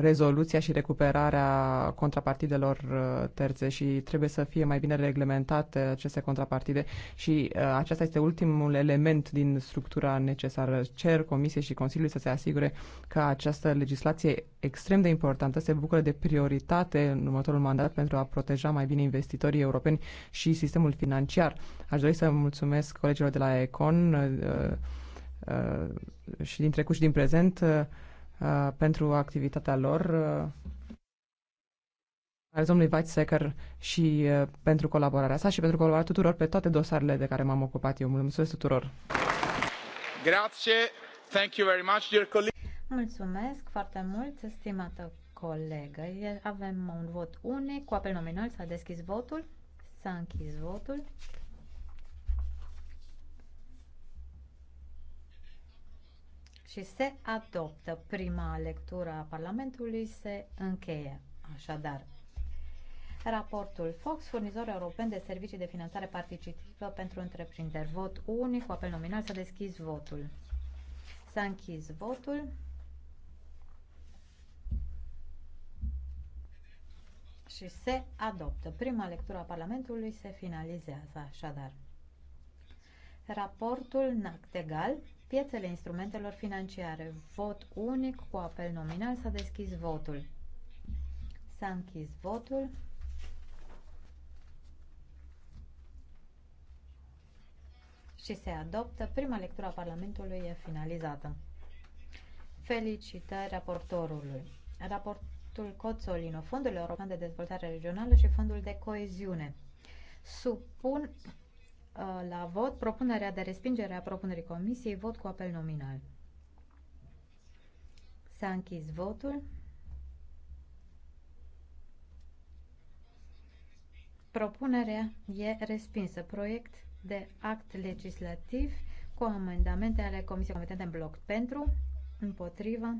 rezoluția și recuperarea contrapartidelor uh, terțe și trebuie să fie mai bine reglementate aceste contrapartide și uh, acesta este ultimul element din structura necesară. Cer Comisiei și Consiliului să se asigure că această legislație extrem de importantă se bucură de prioritate în următorul mandat pentru a proteja mai bine investitorii europeni și sistemul financiar. Aș dori să mulțumesc colegilor de la Econ uh, și din trecut și din prezent uh, pentru activitatea lor, uh, al domnului Weizsäcker și uh, pentru colaborarea sa și pentru colaborarea tuturor pe toate dosarele de care m-am ocupat eu. Mulțumesc tuturor! Grazie. Thank you very much, dear colleague. Mulțumesc foarte mult, stimată colegă. Avem un vot unic, cu apel nominal s-a deschis votul, s-a închis votul. și se adoptă. Prima lectură a Parlamentului se încheie. Așadar, raportul Fox, furnizor european de servicii de finanțare participativă pentru întreprinderi. Vot unic cu apel nominal să deschizi votul. S-a închis votul. și se adoptă. Prima lectură a Parlamentului se finalizează așadar. Raportul Nactegal Piețele instrumentelor financiare. Vot unic cu apel nominal. S-a deschis votul. S-a închis votul. Și se adoptă. Prima lectură a Parlamentului e finalizată. Felicitări raportorului. Raportul Coțolino, Fondul European de Dezvoltare Regională și Fondul de Coeziune. Supun Uh, la vot propunerea de respingere a propunerii comisiei, vot cu apel nominal. S-a închis votul. Propunerea e respinsă. Proiect de act legislativ cu amendamente ale Comisiei Competente în bloc pentru, împotrivă,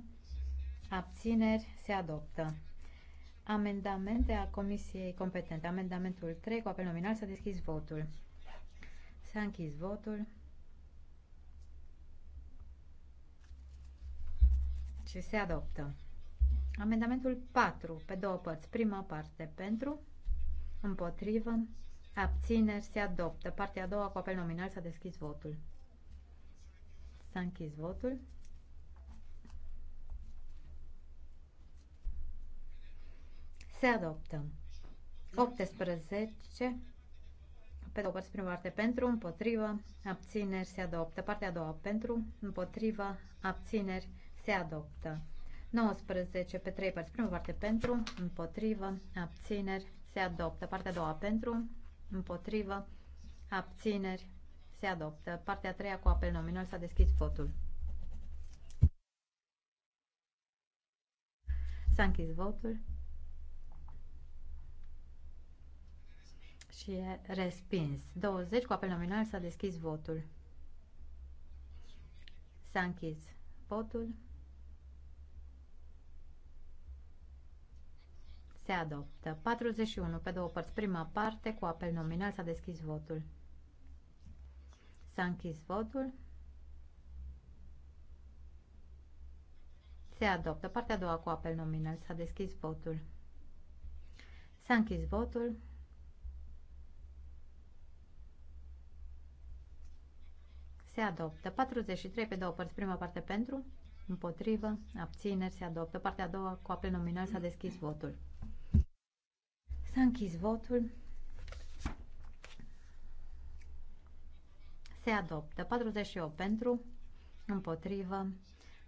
abțineri, se adoptă. Amendamente a Comisiei Competente. Amendamentul 3 cu apel nominal s-a deschis votul. S-a închis votul. Și se adoptă. Amendamentul 4, pe două părți. Prima parte pentru, împotrivă, abțineri, se adoptă. Partea a doua, cu apel nominal, s-a deschis votul. S-a închis votul. Se adoptă. 18 pe două părți, prima parte pentru, împotrivă, abțineri, se adoptă. Partea a doua pentru, împotrivă, abțineri, se adoptă. 19 pe trei părți, prima parte pentru, împotrivă, abțineri, se adoptă. Partea a doua pentru, împotrivă, abțineri, se adoptă. Partea a treia cu apel nominal s-a deschis votul. S-a închis votul. și e respins. 20 cu apel nominal s-a deschis votul. S-a închis votul. Se adoptă. 41 pe două părți. Prima parte cu apel nominal s-a deschis votul. S-a închis votul. Se adoptă. Partea a doua cu apel nominal s-a deschis votul. S-a închis votul. se adoptă. 43 pe două părți, prima parte pentru, împotrivă, abțineri, se adoptă. Partea a doua, cu apel nominal, s-a deschis votul. S-a închis votul. Se adoptă. 48 pentru, împotrivă,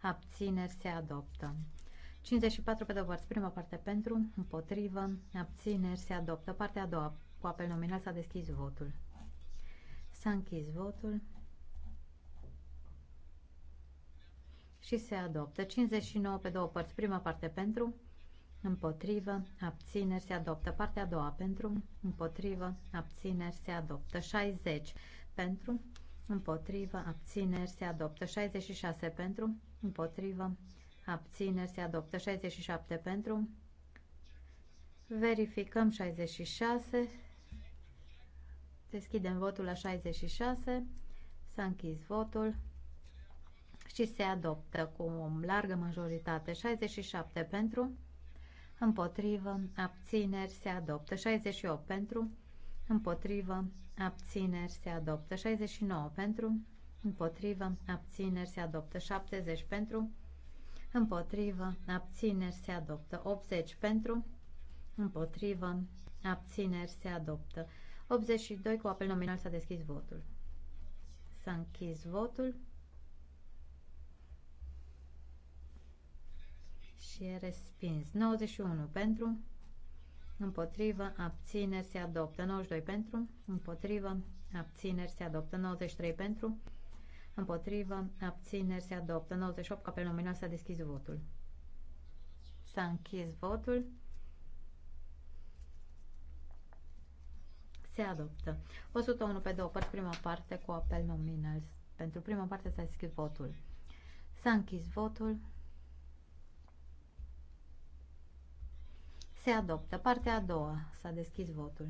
abțineri, se adoptă. 54 pe două părți, prima parte pentru, împotrivă, abțineri, se adoptă. Partea a doua, cu apel nominal, s-a deschis votul. S-a închis votul. și se adoptă. 59 pe două părți. Prima parte pentru, împotrivă, abțineri, se adoptă. Partea a doua pentru, împotrivă, abțineri, se adoptă. 60 pentru, împotrivă, abțineri, se adoptă. 66 pentru, împotrivă, abțineri, se adoptă. 67 pentru, verificăm 66, deschidem votul la 66, s-a închis votul și se adoptă cu o largă majoritate. 67 pentru, împotrivă, abțineri, se adoptă. 68 pentru, împotrivă, abțineri, se adoptă. 69 pentru, împotrivă, abțineri, se adoptă. 70 pentru, împotrivă, abțineri, se adoptă. 80 pentru, împotrivă, abțineri, se adoptă. 82 cu apel nominal s-a deschis votul. S-a închis votul. și e respins. 91 pentru, împotrivă, abțineri se adoptă. 92 pentru, împotrivă, abțineri se adoptă. 93 pentru, împotrivă, abțineri se adoptă. 98 ca pe s-a deschis votul. S-a închis votul. Se adoptă. 101 pe două părți, prima parte cu apel nominal. Pentru prima parte s-a deschis votul. S-a închis votul. Se adoptă. Partea a doua. S-a deschis votul.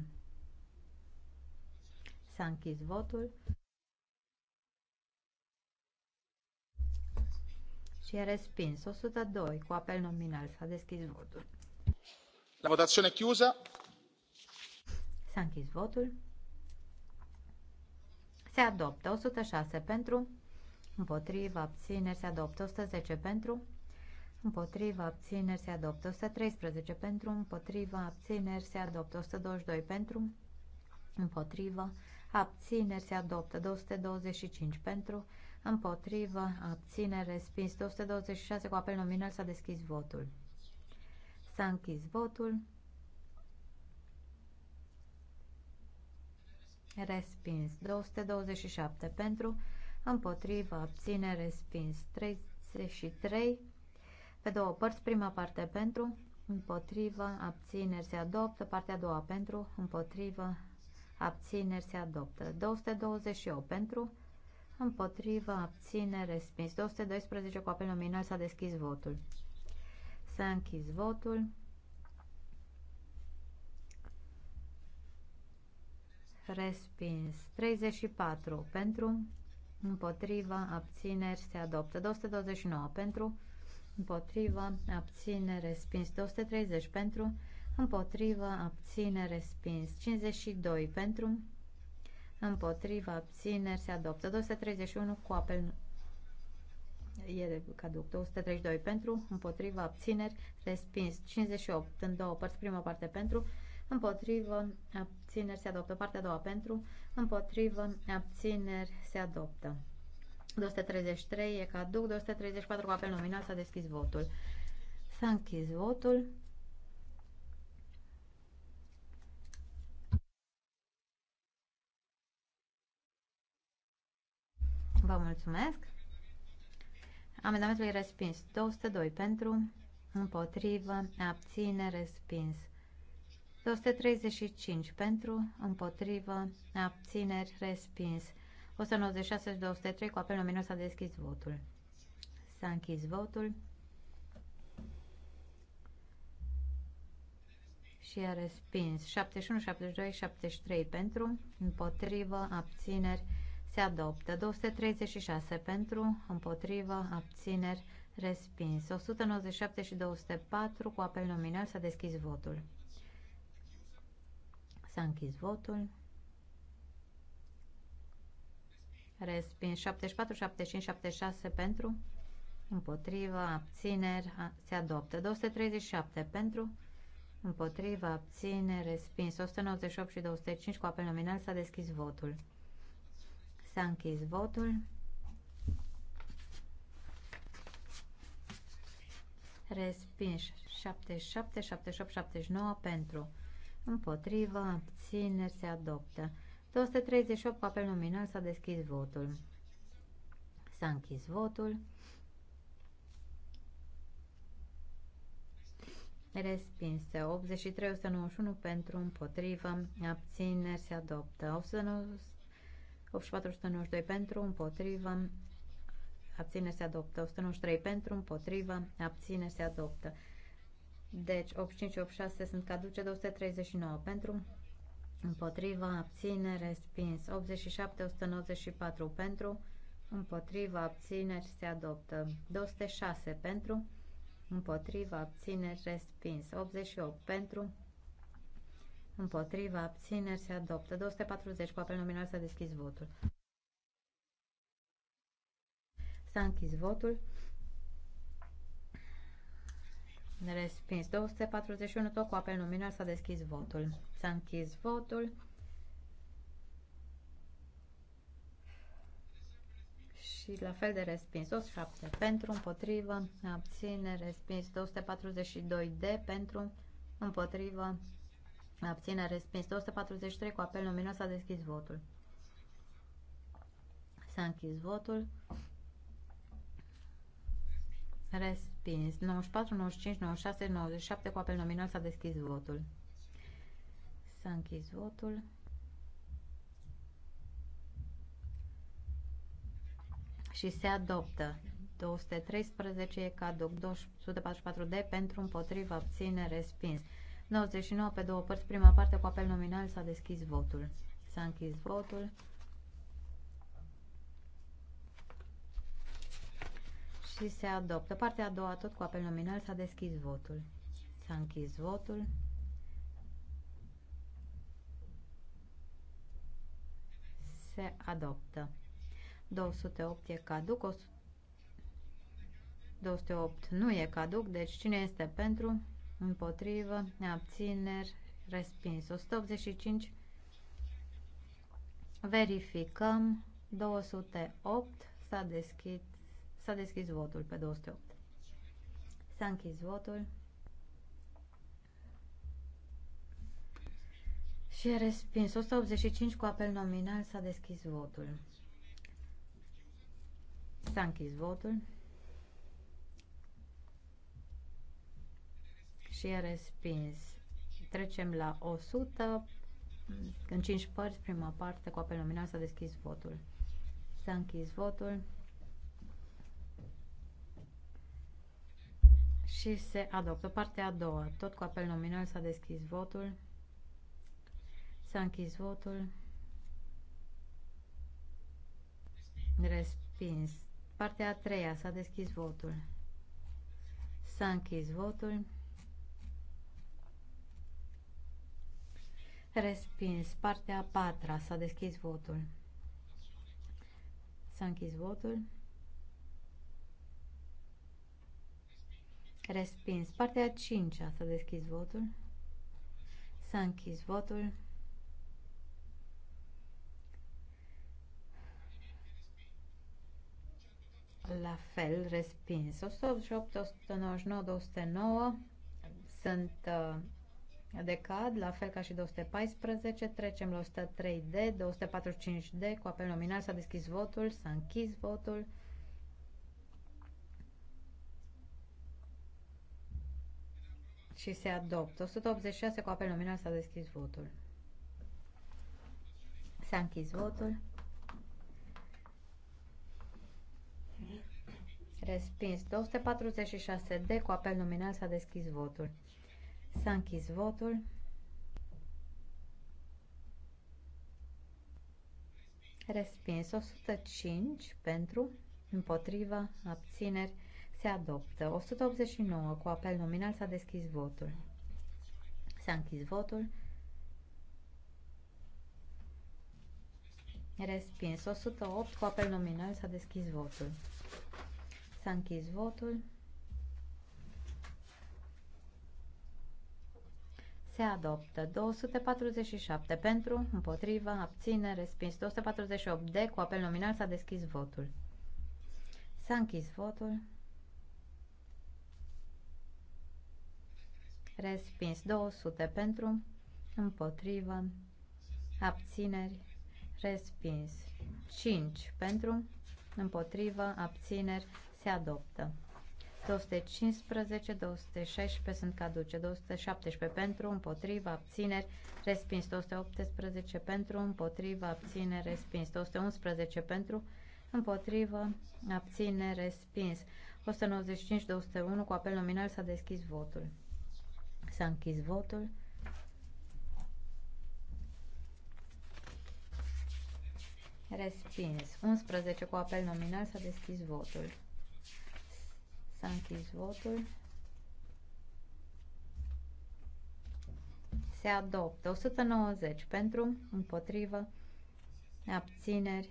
S-a închis votul. Și e respins. 102 cu apel nominal. S-a deschis votul. La votazione chiusa. S-a închis votul. Se adoptă 106 pentru, împotriva, abțineri, se adoptă 110 pentru, împotriva abțineri se adoptă 113 pentru, împotriva abțineri se adoptă 122 pentru, împotriva abțineri se adoptă 225 pentru, împotriva abțineri respins 226 cu apel nominal s-a deschis votul. S-a închis votul. Respins 227 pentru, împotriva abțineri respins 33 pe două părți, prima parte pentru, împotrivă, abțineri se adoptă, partea a doua pentru, împotrivă, abțineri se adoptă. 228 pentru, împotrivă, abțineri, respins. 212 cu apel nominal s-a deschis votul. S-a închis votul. Respins. 34 pentru, împotrivă, abțineri se adoptă. 229 pentru, împotrivă, abține, respins. 230 pentru, împotrivă, abține, respins. 52 pentru, împotrivă, abțineri, se adoptă. 231 cu apel e caduc 232 pentru, împotrivă, abțineri, respins 58 în două părți, prima parte pentru, împotrivă abțineri se adoptă, partea a doua pentru, împotrivă abțineri se adoptă. 233 e caduc, 234 cu apel nominal s-a deschis votul. S-a închis votul. Vă mulțumesc. Amendamentul e respins. 202 pentru, împotrivă, abține, respins. 235 pentru, împotrivă, abțineri, respins. 196 203 cu apel nominal s-a deschis votul. S-a închis votul. și a respins 71, 72, 73 pentru, împotrivă, abțineri, se adoptă 236 pentru, împotrivă, abțineri, respins 197 și 204 cu apel nominal s-a deschis votul. S-a închis votul. respin 74, 75, 76 pentru, împotriva, abțineri, se adoptă 237 pentru, împotriva, abțineri, respins 198 și 205 cu apel nominal s-a deschis votul. S-a închis votul. Respins 77, 78, 79 pentru, împotriva, abțineri, se adoptă 238 cu apel nominal s-a deschis votul. S-a închis votul. Respinse 83 191 pentru împotrivă, abțineri se adoptă 84 192 pentru împotrivă, abțineri se adoptă 193 pentru împotrivă, abțineri se adoptă. Deci 85 86 sunt caduce 239 pentru împotriva, abține, respins. 87-194 pentru, împotriva, abțineri, se adoptă. 206 pentru, împotriva, abțineri, respins. 88 pentru, împotriva, abțineri, se adoptă. 240 cu apel nominal să deschis votul. S-a închis votul. Respins. 241, tot cu apel nominal s-a deschis votul. S-a închis votul. Și la fel de respins. 207 pentru, împotrivă, abține, respins. 242 de pentru, împotrivă, abține, respins. 243 cu apel nominal s-a deschis votul. S-a închis votul. Respins. 94, 95, 96, 97 cu apel nominal s-a deschis votul. S-a închis votul. Și se adoptă. 213 e caduc. 244 de pentru împotriva abține respins. 99 pe două părți. Prima parte cu apel nominal s-a deschis votul. S-a închis votul. și se adoptă. Partea a doua, tot cu apel nominal, s-a deschis votul. S-a închis votul. Se adoptă. 208 e caduc, 208 nu e caduc, deci cine este pentru, împotrivă, abțineri, respins. 185 verificăm, 208 s-a deschis S-a deschis votul pe 208. S-a închis votul. Și a respins. 185 cu apel nominal s-a deschis votul. S-a închis votul. Și a respins. Trecem la 100. În 5 părți, prima parte, cu apel nominal s-a deschis votul. S-a închis votul. și se adoptă. Partea a doua, tot cu apel nominal s-a deschis votul, s-a închis votul, respins. Partea a treia, s-a deschis votul, s-a închis votul, respins. Partea a patra, s-a deschis votul, s-a închis votul, Respins. Partea a să deschizi votul. Să închizi votul. La fel, respins. 188, 199, 209 sunt uh, decad, la fel ca și 214. Trecem la 103D, 245D. Cu apel nominal s-a deschis votul, s-a închis votul. și se adoptă. 186 cu apel nominal s-a deschis votul. S-a închis votul. Respins. 246 de cu apel nominal s-a deschis votul. S-a închis votul. Respins. 105 pentru, împotriva, abțineri se adoptă. 189 cu apel nominal s-a deschis votul. S-a închis votul. Respins. 108 cu apel nominal s-a deschis votul. S-a închis votul. Se adoptă 247 pentru, împotriva, abține, respins 248 de, cu apel nominal s-a deschis votul. S-a închis votul. respins 200 pentru, împotrivă, abțineri, respins 5 pentru, împotrivă, abțineri, se adoptă. 215, 216 sunt caduce, 217 pentru, împotriva, abțineri, respins, 218 pentru, împotriva, abțineri, respins, 211 pentru, împotrivă, abțineri, respins, 195, 201, cu apel nominal s-a deschis votul. S-a închis votul. Respins. 11 cu apel nominal s-a deschis votul. S-a închis votul. Se adoptă 190 pentru, împotrivă, abțineri.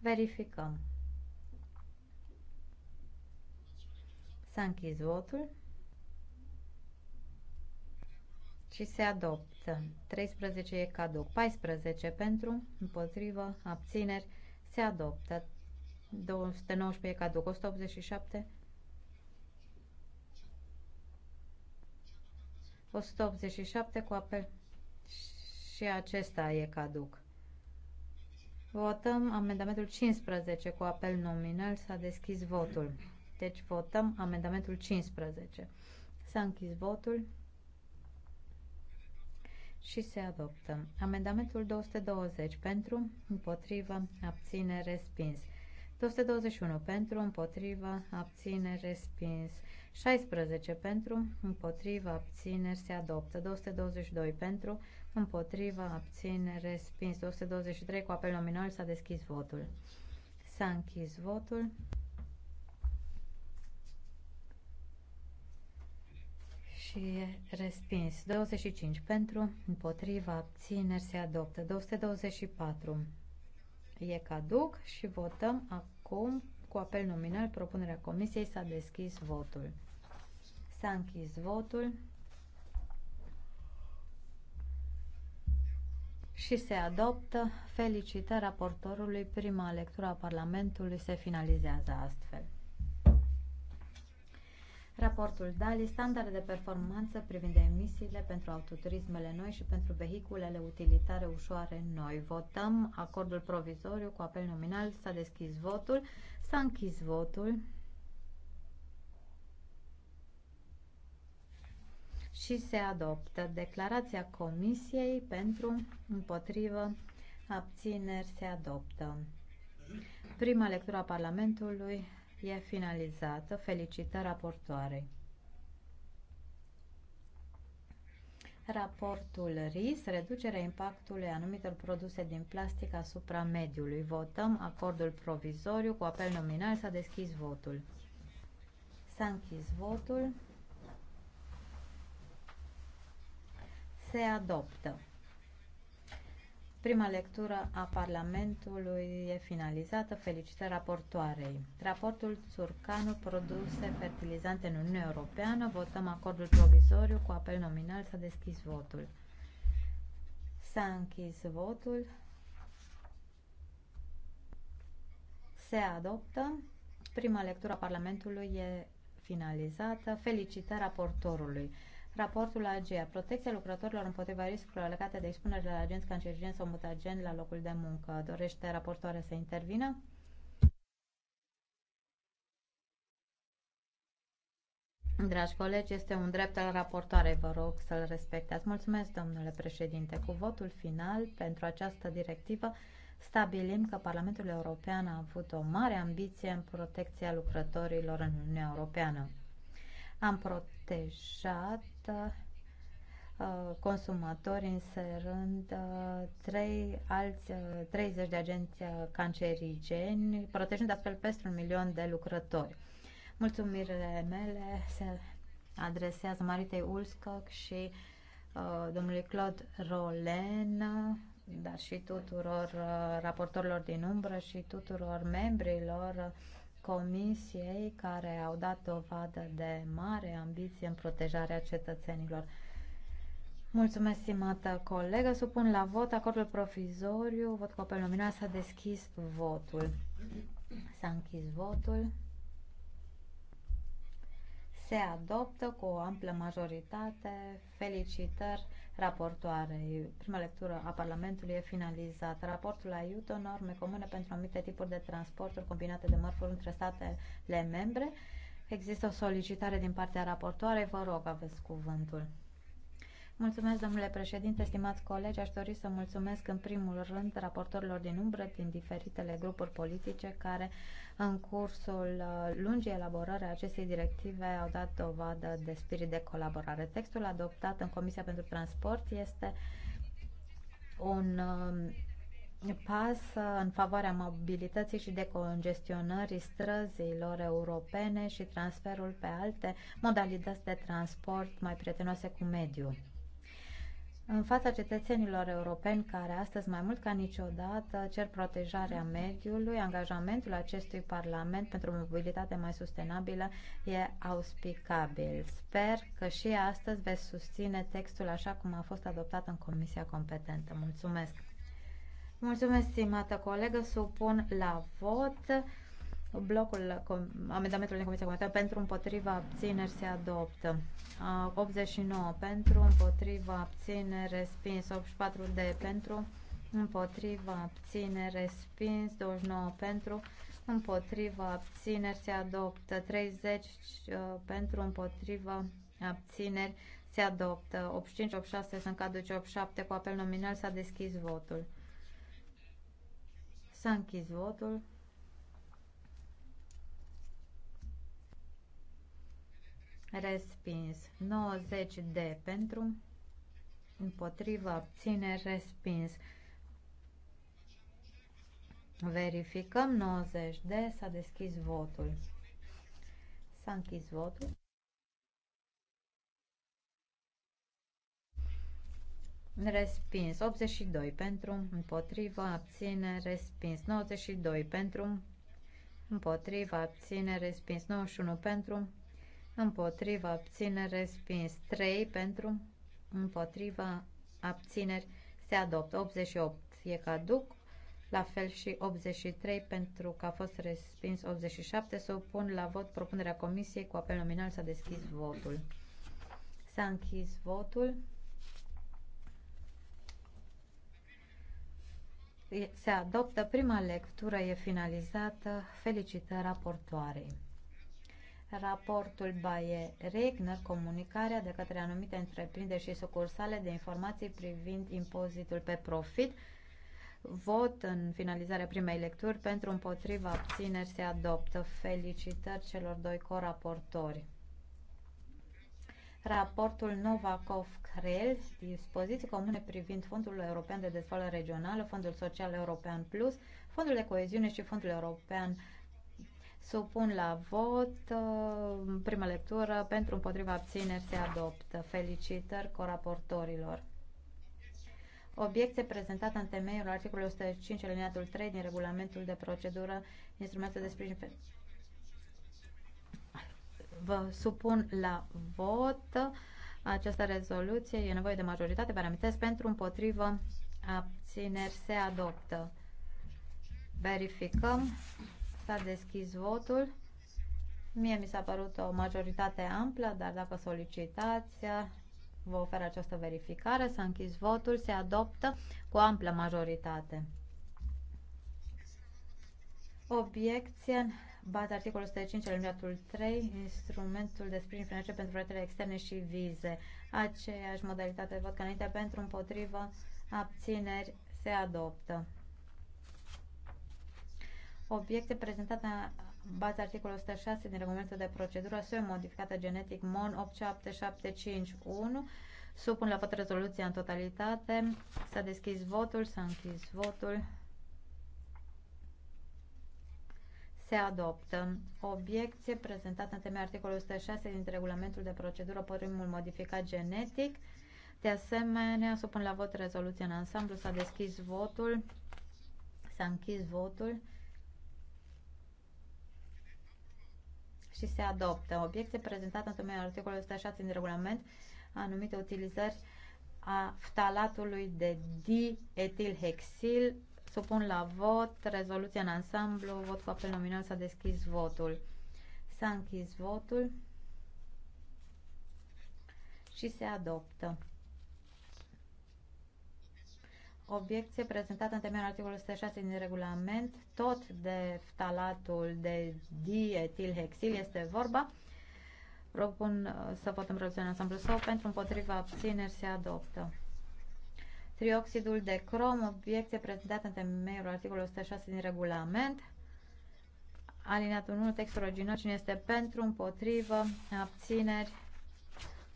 Verificăm. S-a închis votul. și se adoptă. 13 e caduc. 14 pentru, împotrivă, abțineri, se adoptă. 219 e caduc. 187 187 cu apel și acesta e caduc. Votăm amendamentul 15 cu apel nominal. S-a deschis votul. Deci votăm amendamentul 15. S-a închis votul și se adoptă. Amendamentul 220 pentru, împotrivă, abține, respins. 221 pentru, împotrivă, abține, respins. 16 pentru, împotrivă, abține, se adoptă. 222 pentru, împotrivă, abține, respins. 223 cu apel nominal s-a deschis votul. S-a închis votul. și respins. 25 pentru, împotriva, abțineri se adoptă. 224 e caduc și votăm acum cu apel nominal propunerea comisiei s-a deschis votul. S-a închis votul și se adoptă. Felicitări raportorului, prima lectură a Parlamentului se finalizează astfel. Raportul DALI, standarde de performanță privind emisiile pentru autoturismele noi și pentru vehiculele utilitare ușoare noi. Votăm acordul provizoriu cu apel nominal. S-a deschis votul. S-a închis votul. și se adoptă declarația Comisiei pentru împotrivă abțineri se adoptă. Prima lectură a Parlamentului e finalizată. Felicitări raportoarei. Raportul RIS, reducerea impactului anumitor produse din plastic asupra mediului. Votăm acordul provizoriu cu apel nominal. S-a deschis votul. S-a închis votul. Se adoptă. Prima lectură a Parlamentului e finalizată. Felicitări raportoarei. Raportul Țurcanu, produse fertilizante în Uniunea Europeană. Votăm acordul provizoriu cu apel nominal. S-a deschis votul. S-a închis votul. Se adoptă. Prima lectură a Parlamentului e finalizată. Felicitări raportorului. Raportul la AGEA, protecția lucrătorilor împotriva riscurilor legate de expunerile la agenți cancerigeni sau mutageni la locul de muncă. Dorește raportoarea să intervină? Dragi colegi, este un drept al raportoarei, vă rog să-l respectați. Mulțumesc, domnule președinte. Cu votul final pentru această directivă stabilim că Parlamentul European a avut o mare ambiție în protecția lucrătorilor în Uniunea Europeană. Am protejat Uh, consumatori, uh, trei alți 30 uh, de agenți uh, cancerigeni, protejând astfel peste un milion de lucrători. Mulțumirile mele se adresează Maritei Ulscoc și uh, domnului Claude Rolen, dar și tuturor uh, raportorilor din umbră și tuturor membrilor Comisiei, care au dat dovadă de mare ambiție în protejarea cetățenilor. Mulțumesc, stimată colegă. Supun la vot acordul provizoriu. Vot cu apel nominal. S-a deschis votul. S-a închis votul. Se adoptă cu o amplă majoritate. Felicitări raportoare Prima lectură a Parlamentului e finalizată. Raportul ajută norme comune pentru anumite tipuri de transporturi combinate de mărfuri între statele membre. Există o solicitare din partea raportoarei. Vă rog, aveți cuvântul. Mulțumesc, domnule președinte, stimați colegi. Aș dori să mulțumesc în primul rând raportorilor din umbră din diferitele grupuri politice care în cursul uh, lungii elaborări a acestei directive au dat dovadă de spirit de colaborare. Textul adoptat în Comisia pentru Transport este un um, pas în favoarea mobilității și decongestionării străzilor europene și transferul pe alte modalități de transport mai prietenoase cu mediul în fața cetățenilor europeni care astăzi mai mult ca niciodată cer protejarea mediului, angajamentul acestui Parlament pentru mobilitate mai sustenabilă e auspicabil. Sper că și astăzi veți susține textul așa cum a fost adoptat în Comisia competentă. Mulțumesc! Mulțumesc, stimată colegă, supun la vot Blocul amendamentului din Comisia Comunitară pentru împotriva abțineri se adoptă. 89 pentru împotriva abțineri respins. 84 de pentru împotriva abțineri respins. 29 pentru împotriva abțineri se adoptă. 30 uh, pentru împotriva abțineri se adoptă. 85, 86 sunt caduce. 87 cu apel nominal s-a deschis votul. S-a închis votul. respins. 90 de pentru, împotrivă, obține respins. Verificăm 90 de, s-a deschis votul. S-a închis votul. Respins. 82 pentru, împotrivă, abține, respins. 92 pentru, împotrivă, abține, respins. 91 pentru, împotriva abțineri respins 3 pentru împotriva abțineri se adoptă 88 e caduc la fel și 83 pentru că a fost respins 87 să opun la vot propunerea comisiei cu apel nominal s-a deschis votul s-a închis votul se adoptă prima lectură e finalizată felicitări raportoarei raportul Baie regner comunicarea de către anumite întreprinderi și sucursale de informații privind impozitul pe profit, vot în finalizarea primei lecturi pentru împotriva abțineri se adoptă. Felicitări celor doi coraportori. Raportul Novakov-Crel, dispoziții comune privind Fondul European de Dezvoltare Regională, Fondul Social European Plus, Fondul de Coeziune și Fondul European Supun la vot uh, prima lectură pentru împotriva abțineri se adoptă. Felicitări coraportorilor. Obiecte prezentate în temeiul articolului 105 alineatul 3 din regulamentul de procedură instrumentul de sprijin pe... Vă supun la vot această rezoluție. E nevoie de majoritate. Vă amintesc pentru împotrivă abțineri se adoptă. Verificăm. S-a deschis votul. Mie mi s-a părut o majoritate amplă, dar dacă solicitați, vă ofer această verificare. S-a închis votul, se adoptă cu amplă majoritate. Obiecție bat articolul 105 alineatul 3, instrumentul de sprijin financiar pentru proiectele externe și vize. Aceeași modalitate de vot ca înainte pentru împotrivă abțineri se adoptă obiecte prezentate în baza articolului 106 din regulamentul de procedură SUE modificată genetic MON 87751. Supun la vot rezoluția în totalitate. S-a deschis votul, s-a închis votul. Se adoptă. Obiecție prezentată în temei articolului 106 din regulamentul de procedură părimul modificat genetic. De asemenea, supun la vot rezoluția în ansamblu. S-a deschis votul. S-a închis votul. și se adoptă. Obiecte prezentată în temeiul articolului 106 din regulament anumite utilizări a ftalatului de dietilhexil. Supun la vot rezoluția în ansamblu. Vot cu apel nominal s-a deschis votul. S-a închis votul și se adoptă obiecție prezentată în temeiul articolului 106 din regulament, tot de ftalatul de dietilhexil este vorba. Propun uh, să votăm rezoluția în ansamblu sau pentru împotriva abțineri se adoptă. Trioxidul de crom, obiecție prezentată în temeiul articolului 106 din regulament. Alineatul 1, textul original, cine este pentru, împotrivă, abțineri,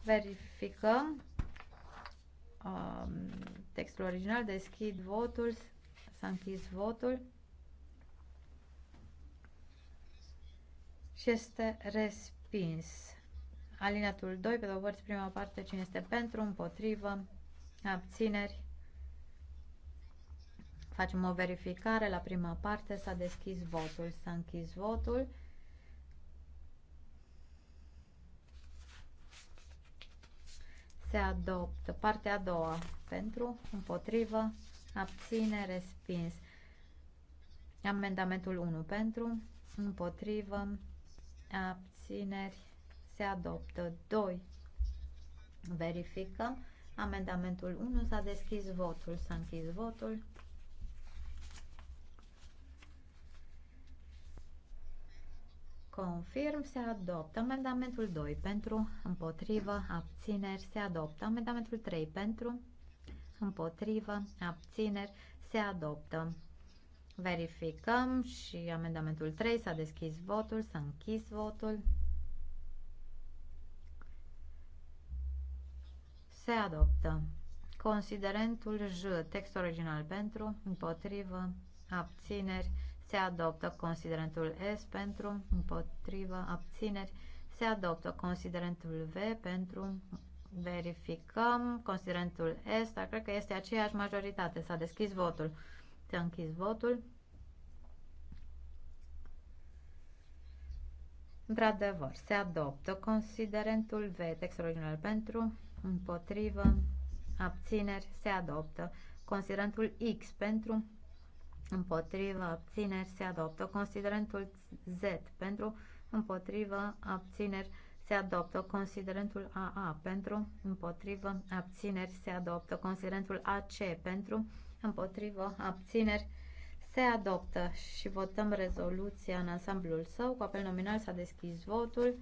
verificăm. Um, textul original, deschid votul, s-a închis votul și este respins. Alineatul 2, pe două părți, prima parte, cine este pentru, împotrivă, abțineri. Facem o verificare la prima parte, s-a deschis votul, s-a închis votul se adoptă. Partea a doua pentru, împotrivă, abține, respins. Amendamentul 1 pentru, împotrivă, abțineri, se adoptă. 2. Verificăm. Amendamentul 1 s-a deschis votul, s-a închis votul. confirm, se adoptă amendamentul 2 pentru, împotrivă, abțineri, se adoptă amendamentul 3 pentru, împotrivă, abțineri, se adoptă. Verificăm și amendamentul 3 s-a deschis votul, s-a închis votul. Se adoptă. Considerentul J, text original pentru, împotrivă, abțineri, se adoptă considerentul S pentru împotrivă abțineri se adoptă considerentul V pentru verificăm considerentul S dar cred că este aceeași majoritate s-a deschis votul s-a închis votul într-adevăr se adoptă considerentul V textul original pentru împotrivă abțineri se adoptă considerentul X pentru împotrivă, abțineri, se adoptă. Considerentul Z pentru, împotrivă, abțineri, se adoptă. Considerentul AA pentru, împotrivă, abțineri, se adoptă. Considerentul AC pentru, împotrivă, abțineri, se adoptă și votăm rezoluția în ansamblul său. Cu apel nominal s-a deschis votul,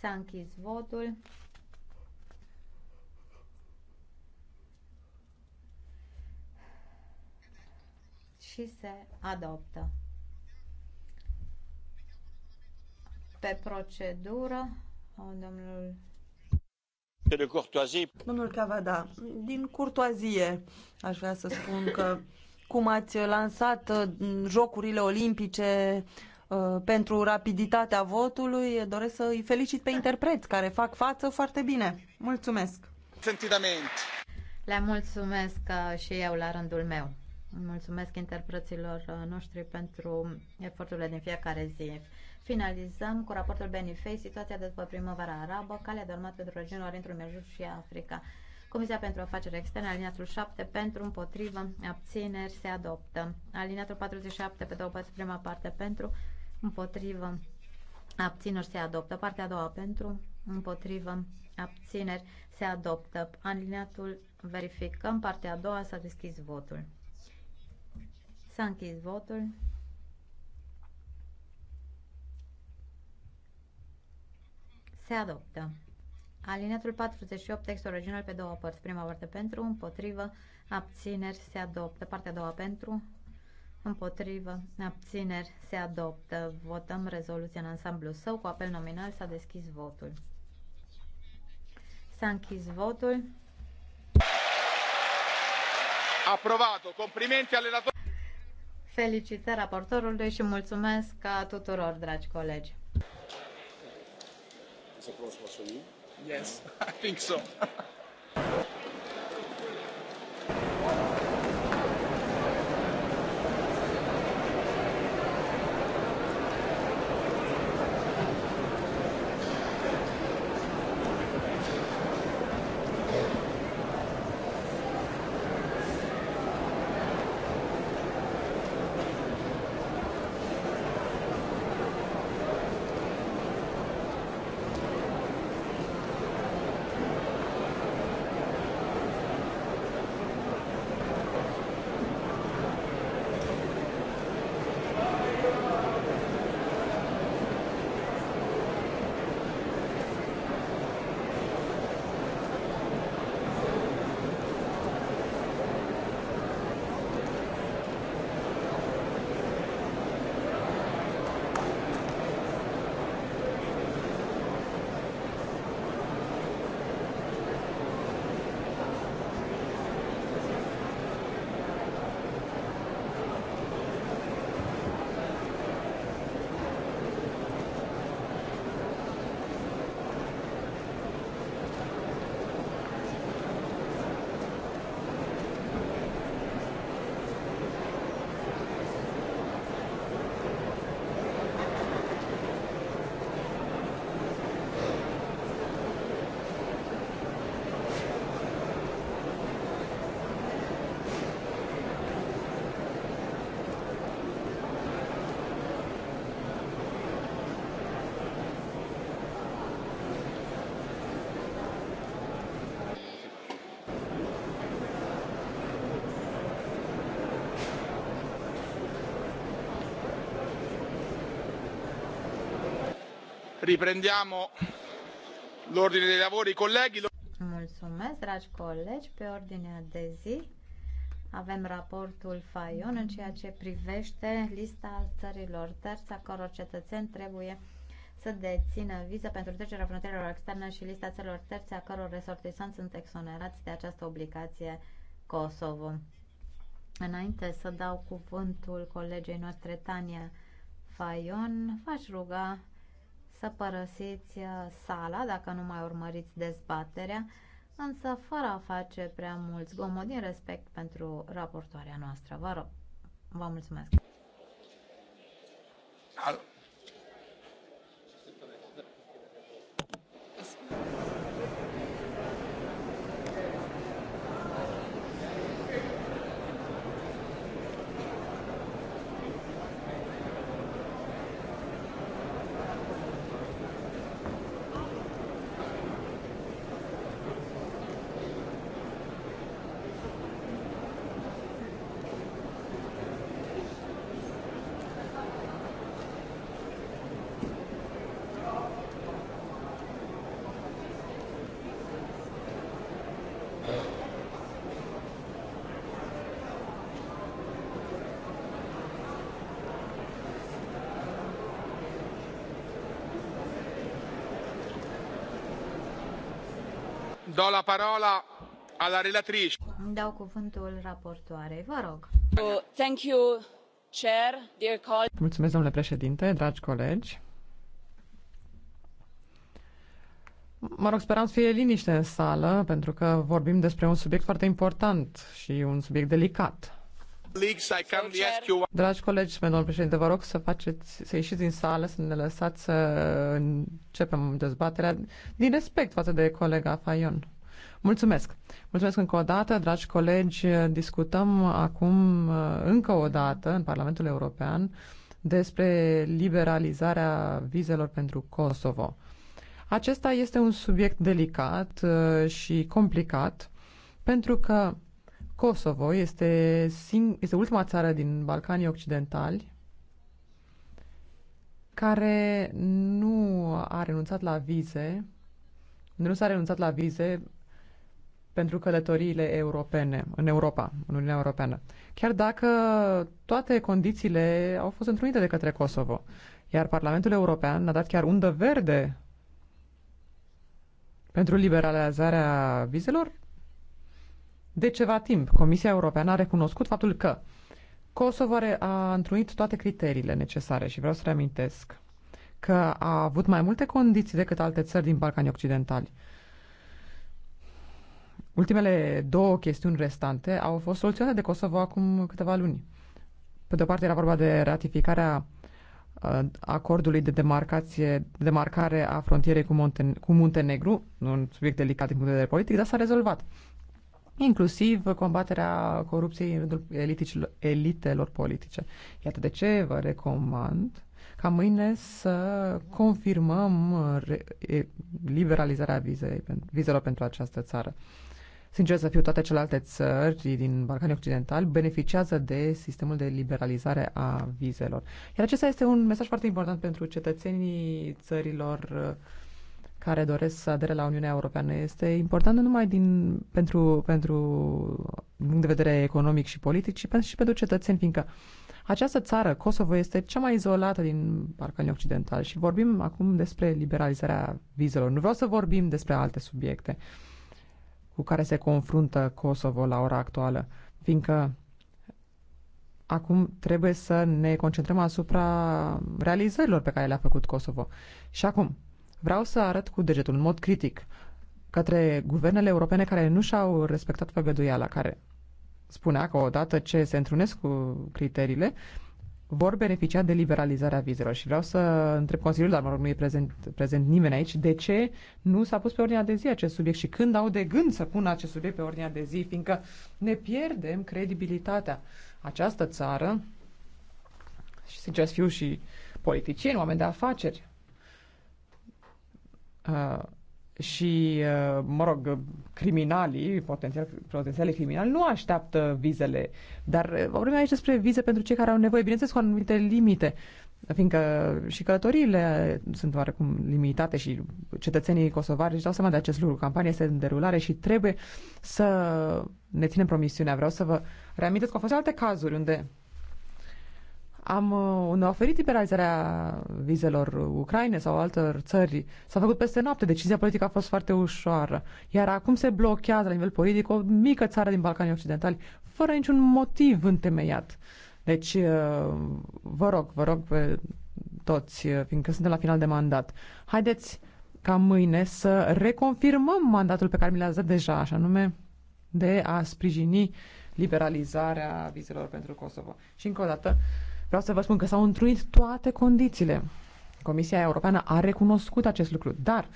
s-a închis votul. și se adoptă. Pe procedură, uh, domnul de curtoazie. Domnul Cavada, din curtoazie aș vrea să spun că cum ați lansat uh, jocurile olimpice uh, pentru rapiditatea votului, doresc să îi felicit pe interpreți care fac față foarte bine. Mulțumesc! Sentidament! Le mulțumesc și eu la rândul meu. Mulțumesc interpreților uh, noștri pentru eforturile din fiecare zi. Finalizăm cu raportul Benifei, situația de după primăvara arabă, calea de urmat pentru regiunea Orientului Mijlociu și Africa. Comisia pentru Afaceri Externe, aliniatul 7, pentru, împotrivă, abțineri, se adoptă. Aliniatul 47, pe două părți, prima parte, pentru, împotrivă, abțineri, se adoptă. Partea a doua, pentru, împotrivă, abțineri, se adoptă. Aliniatul verificăm, partea a doua, s-a deschis votul. S-a închis votul. Se adoptă. Alineatul 48, text original pe două părți. Prima parte pentru, împotrivă, abțineri, se adoptă. Partea a doua pentru, împotrivă, abțineri, se adoptă. Votăm rezoluția în ansamblu său. Cu apel nominal s-a deschis votul. S-a închis votul. Aprovat. Complimenti alle Felicitări raportorului și mulțumesc ca tuturor, dragi colegi. Yes, I think so. Riprendiamo l'ordine dei lavori, colleghi. Mulțumesc, dragi colegi, pe ordinea de zi avem raportul Faion în ceea ce privește lista țărilor terți a căror cetățeni trebuie să dețină viză pentru trecerea frontierelor externe și lista țărilor terțe a căror resortisanți sunt exonerați de această obligație Kosovo. Înainte să dau cuvântul colegei noastre Tania Faion, v-aș ruga să părăsiți uh, sala dacă nu mai urmăriți dezbaterea, însă fără a face prea mult zgomot din respect pentru raportoarea noastră. Vă rog, vă mulțumesc! Al- Do la parola alla relatrice. dau cuvântul raportoarei. Vă rog. Thank you, Chair, dear colleagues. Mulțumesc, domnule președinte, dragi colegi. Mă rog, speram să fie liniște în sală, pentru că vorbim despre un subiect foarte important și un subiect delicat. Dragi colegi, domnul președinte, vă rog să faceți, să ieșiți din sală, să ne lăsați să începem dezbaterea din respect față de colega Fayon. Mulțumesc! Mulțumesc încă o dată, dragi colegi, discutăm acum încă o dată în Parlamentul European despre liberalizarea vizelor pentru Kosovo. Acesta este un subiect delicat uh, și complicat pentru că Kosovo este, sing- este ultima țară din Balcanii Occidentali care nu a renunțat la vize, nu s-a renunțat la vize pentru călătoriile europene, în Europa, în Uniunea Europeană. Chiar dacă toate condițiile au fost întrunite de către Kosovo, iar Parlamentul European a dat chiar undă verde pentru liberalizarea vizelor de ceva timp, Comisia Europeană a recunoscut faptul că Kosovo a întrunit toate criteriile necesare și vreau să reamintesc că a avut mai multe condiții decât alte țări din Balcanii Occidentali. Ultimele două chestiuni restante au fost soluționate de Kosovo acum câteva luni. Pe de o parte era vorba de ratificarea uh, acordului de demarcație, de demarcare a frontierei cu, Monten- cu Muntenegru, un subiect delicat din punct de vedere politic, dar s-a rezolvat inclusiv combaterea corupției în rândul elitelor politice. Iată de ce vă recomand ca mâine să confirmăm liberalizarea vizei, vizelor pentru această țară. Sincer să fiu, toate celelalte țări din Balcanii Occidentali beneficiază de sistemul de liberalizare a vizelor. Iar acesta este un mesaj foarte important pentru cetățenii țărilor uh, care doresc să adere la Uniunea Europeană. Este important nu numai din, pentru, pentru din punct de vedere economic și politic, ci și pentru cetățeni, fiindcă această țară, Kosovo, este cea mai izolată din Balcanii Occidentali și vorbim acum despre liberalizarea vizelor. Nu vreau să vorbim despre alte subiecte cu care se confruntă Kosovo la ora actuală, fiindcă acum trebuie să ne concentrăm asupra realizărilor pe care le-a făcut Kosovo. Și acum, Vreau să arăt cu degetul, în mod critic, către guvernele europene care nu și-au respectat făgăduiala, care spunea că odată ce se întrunesc cu criteriile, vor beneficia de liberalizarea vizelor. Și vreau să întreb Consiliul, dar mă rog, nu e prezent, prezent nimeni aici, de ce nu s-a pus pe ordinea de zi acest subiect și când au de gând să pună acest subiect pe ordinea de zi, fiindcă ne pierdem credibilitatea. Această țară, și sincer să fiu și politicieni, oameni de afaceri, Uh, și, uh, mă rog, criminalii, potențial, potențialii criminali, nu așteaptă vizele. Dar uh, vorbim aici despre vize pentru cei care au nevoie, bineînțeles, cu anumite limite, fiindcă și călătoriile sunt oarecum limitate și cetățenii kosovari își dau seama de acest lucru. Campania este în derulare și trebuie să ne ținem promisiunea. Vreau să vă reamintesc că au fost alte cazuri unde am uh, oferit liberalizarea vizelor Ucraine sau altor țări. S-a făcut peste noapte, decizia politică a fost foarte ușoară. Iar acum se blochează la nivel politic o mică țară din Balcanii Occidentali, fără niciun motiv întemeiat. Deci, uh, vă rog, vă rog pe toți, uh, fiindcă suntem la final de mandat, haideți ca mâine să reconfirmăm mandatul pe care mi l-ați dat deja, așa nume, de a sprijini liberalizarea vizelor pentru Kosovo. Și încă o dată, Vreau să vă spun că s-au întruit toate condițiile. Comisia Europeană a recunoscut acest lucru, dar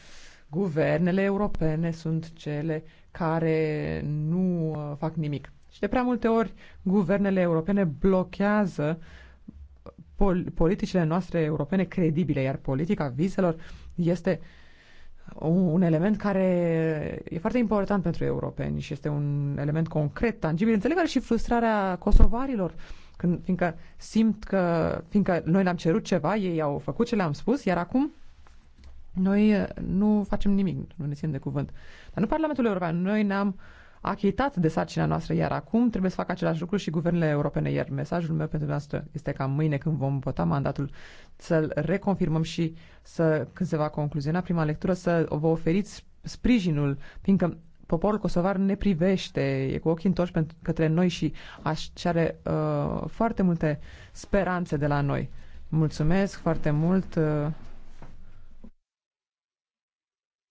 guvernele europene sunt cele care nu uh, fac nimic. Și de prea multe ori guvernele europene blochează uh, pol- politicile noastre europene credibile, iar politica viselor este uh, un element care e foarte important pentru europeni și este un element concret, tangibil. Înțeleg și frustrarea kosovarilor uh, când, fiindcă simt că, fiindcă noi le-am cerut ceva, ei au făcut ce le-am spus, iar acum noi eh, nu facem nimic, nu ne ținem de cuvânt. Dar nu Parlamentul European, noi ne-am achitat de sarcina noastră, iar acum trebuie să facă același lucru și guvernele europene. Iar mesajul meu pentru noastră este ca mâine, când vom vota mandatul, să-l reconfirmăm și să, când se va concluziona prima lectură, să vă oferiți sprijinul, fiindcă poporul kosovar ne privește, e cu ochii întorși către noi și așa are uh, foarte multe speranțe de la noi. Mulțumesc foarte mult uh,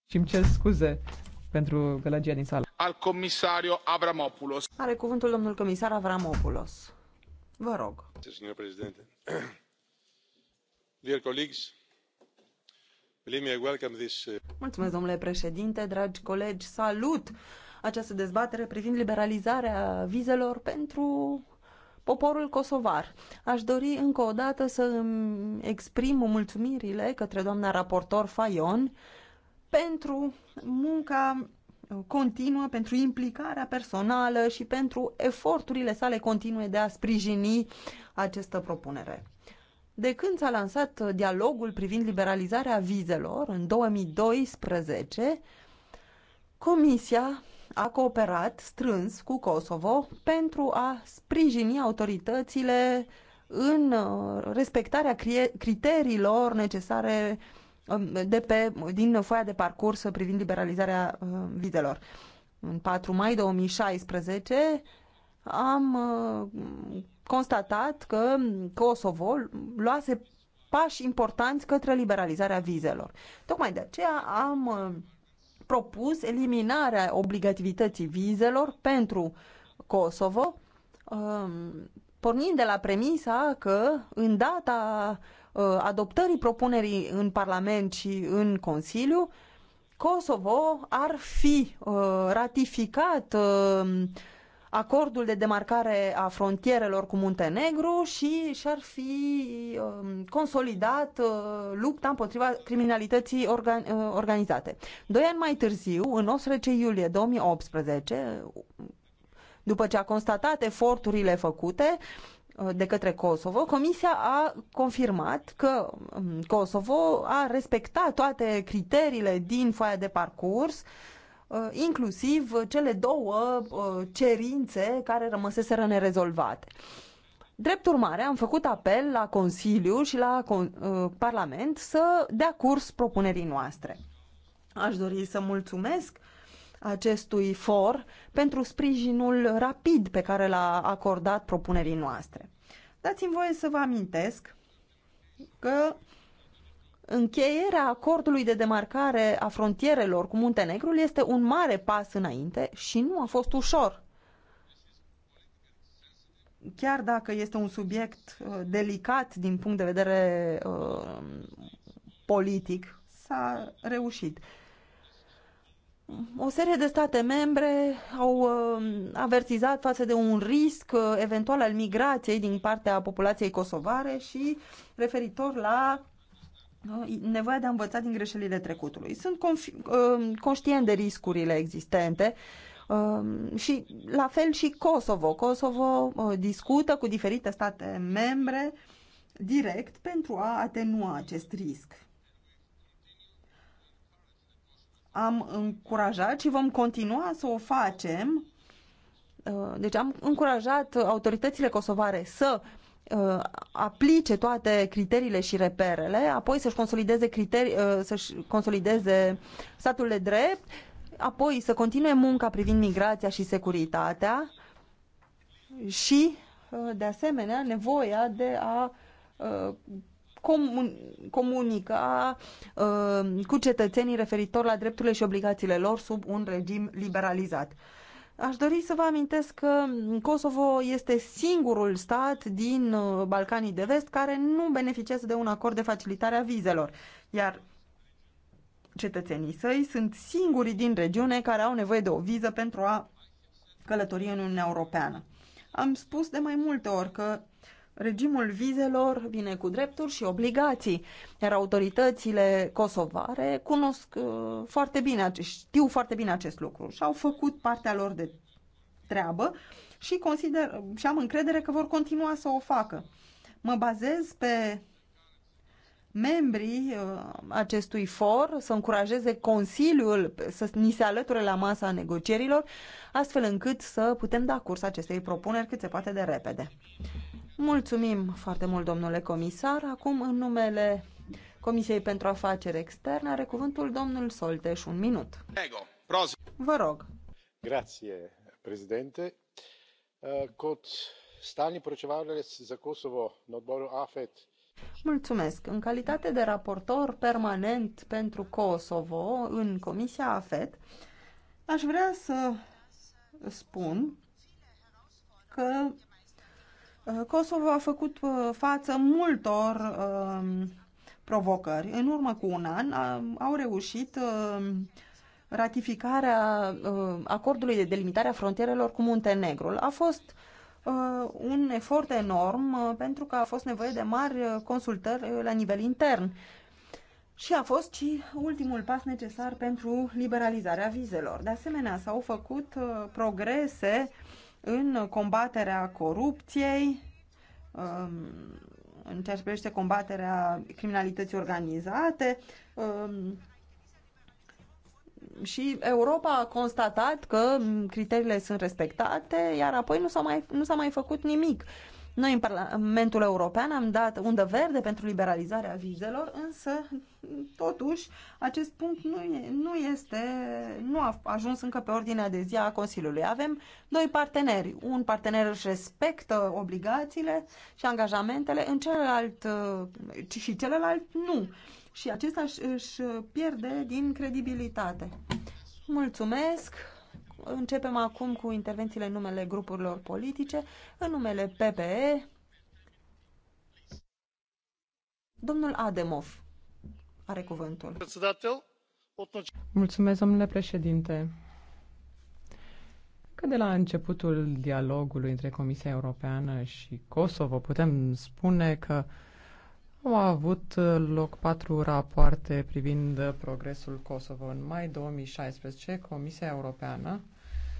și îmi cer scuze pentru gălăgia din sală. Al comisario Avramopoulos. Are cuvântul domnul comisar Avramopoulos. Vă rog. Domnule președinte, dear colleagues, Uh, Mulțumesc, domnule președinte, dragi colegi, salut această dezbatere privind liberalizarea vizelor pentru poporul kosovar. Aș dori încă o dată să îmi exprim mulțumirile către doamna raportor Fayon pentru munca continuă, pentru implicarea personală și pentru eforturile sale continue de a sprijini această propunere. De când s-a lansat uh, dialogul privind liberalizarea vizelor, în 2012, Comisia a cooperat strâns cu Kosovo pentru a sprijini autoritățile în uh, respectarea criteriilor necesare um, de pe, din foaia de parcurs privind liberalizarea uh, vizelor. În 4 mai 2016 am constatat că Kosovo luase pași importanți către liberalizarea vizelor. Tocmai de aceea am uh, propus eliminarea obligativității vizelor pentru Kosovo, um, pornind de la premisa că în data uh, adoptării propunerii în Parlament și în Consiliu, Kosovo ar fi uh, ratificat um, acordul de demarcare a frontierelor cu Muntenegru și și-ar fi um, consolidat uh, lupta împotriva criminalității uh, organizate. Doi ani mai târziu, în 11 iulie 2018, după ce a constatat eforturile făcute, uh, de către Kosovo, Comisia a confirmat că um, Kosovo a respectat toate criteriile din foaia de parcurs uh, Uh, inclusiv uh, cele două uh, cerințe care rămăseseră nerezolvate. Drept urmare, am făcut apel la Consiliu și la Parlament să dea curs propunerii noastre. Aș dori să mulțumesc acestui for pentru sprijinul rapid pe care l-a acordat propunerii noastre. Dați-mi voie să vă amintesc că Încheierea acordului de demarcare a frontierelor cu Muntenegrul este un mare pas înainte și nu a fost ușor. Chiar dacă este un subiect uh, delicat din punct de vedere uh, politic, s-a reușit. O serie de state membre au uh, avertizat față de un risc uh, eventual al migrației din partea populației kosovare și referitor la nevoia de a învăța din greșelile trecutului. Sunt um, conștient de riscurile existente um, și la fel și Kosovo. Kosovo uh, discută cu diferite state membre direct pentru a atenua acest risc. Am încurajat și vom continua să o facem. Uh, deci am încurajat autoritățile kosovare să uh, Uh, aplice toate criteriile și reperele, apoi să-și consolideze, criteri, uh, să consolideze statul de drept, apoi să continue munca privind migrația și securitatea și, uh, de asemenea, nevoia de a comunica cu cetățenii referitor la drepturile și obligațiile lor sub un regim liberalizat. Aș dori să vă amintesc că Kosovo este singurul stat din uh, Balcanii de Vest care nu beneficiază de un acord de facilitare a vizelor, iar cetățenii săi sunt singurii din regiune care au nevoie de o viză pentru a călători în Uniunea Europeană. Am spus de mai multe ori că regimul vizelor vine cu drepturi și obligații, iar autoritățile kosovare cunosc uh, foarte bine, știu foarte bine acest lucru și au făcut partea lor de treabă și, consider, și am încredere că vor continua să o facă. Mă bazez pe membrii uh, acestui for să încurajeze Consiliul să ni se alăture la masa negocierilor, astfel încât să putem da curs acestei propuneri cât se poate de repede. Mulțumim foarte mult, domnule comisar. Acum, în numele Comisiei pentru Afaceri Externe, are cuvântul domnul Solteș, un minut. Ego. Vă rog. Grație, președinte. Uh, cot stani procevarele za Kosovo na odboru AFET. Mulțumesc. În calitate de raportor permanent pentru Kosovo în Comisia AFET, aș vrea să spun că Uh, Kosovo a făcut uh, față multor um, provocări. În urmă cu un an uh, au reușit um, ratificarea acordului de delimitare a frontierelor cu Muntenegrul. A fost un efort enorm pentru că a fost nevoie de mari consultări la nivel intern. Și a fost și ultimul pas necesar pentru liberalizarea vizelor. De asemenea, s-au făcut progrese în combaterea corupției, um, în ceea ce privește combaterea criminalității organizate um, și Europa a constatat că criteriile sunt respectate, iar apoi nu s-a mai, nu s-a mai făcut nimic. Noi în Parlamentul European am dat undă verde pentru liberalizarea vizelor, însă totuși acest punct nu, e, nu este, nu a ajuns încă pe ordinea de zi a Consiliului. Avem doi parteneri. Un partener își respectă obligațiile și angajamentele, în celălalt uh, și celălalt nu. Și acesta își pierde din credibilitate. Mulțumesc! Începem acum cu intervențiile în numele grupurilor politice, în numele PPE. Domnul Ademov are cuvântul. Mulțumesc, domnule președinte. Că de la începutul dialogului între Comisia Europeană și Kosovo putem spune că au avut loc patru rapoarte privind progresul Kosovo. În mai 2016, Comisia Europeană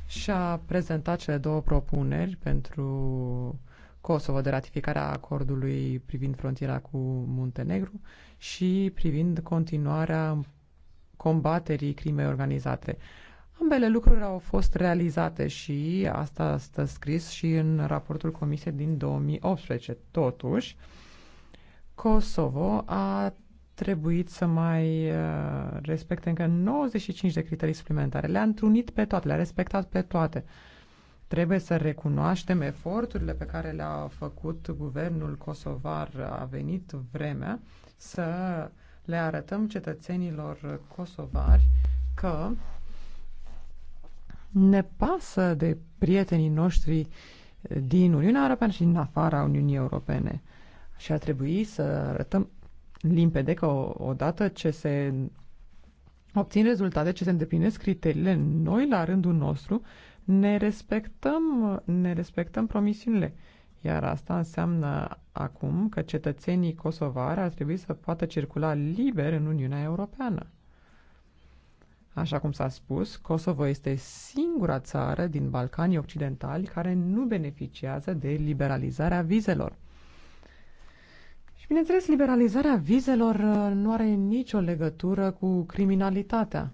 și-a prezentat cele două propuneri pentru Kosovo de ratificarea acordului privind frontiera cu Muntenegru și privind continuarea combaterii crimei organizate. Ambele lucruri au fost realizate și asta stă scris și în raportul Comisiei din 2018. Totuși, Kosovo a trebuit să mai uh, respecte încă 95 de criterii suplimentare. Le-a întrunit pe toate, le-a respectat pe toate. Trebuie să recunoaștem eforturile pe care le-a făcut guvernul kosovar. A venit vremea să le arătăm cetățenilor kosovari că ne pasă de prietenii noștri din Uniunea Europeană și din afara Uniunii Europene. Și ar trebui să arătăm limpede că odată ce se obțin rezultate, ce se îndeplinesc criteriile, noi la rândul nostru ne respectăm, ne respectăm promisiunile. Iar asta înseamnă acum că cetățenii kosovari ar trebui să poată circula liber în Uniunea Europeană. Așa cum s-a spus, Kosovo este singura țară din Balcanii Occidentali care nu beneficiază de liberalizarea vizelor. Și bineînțeles, liberalizarea vizelor uh, nu are nicio legătură cu criminalitatea.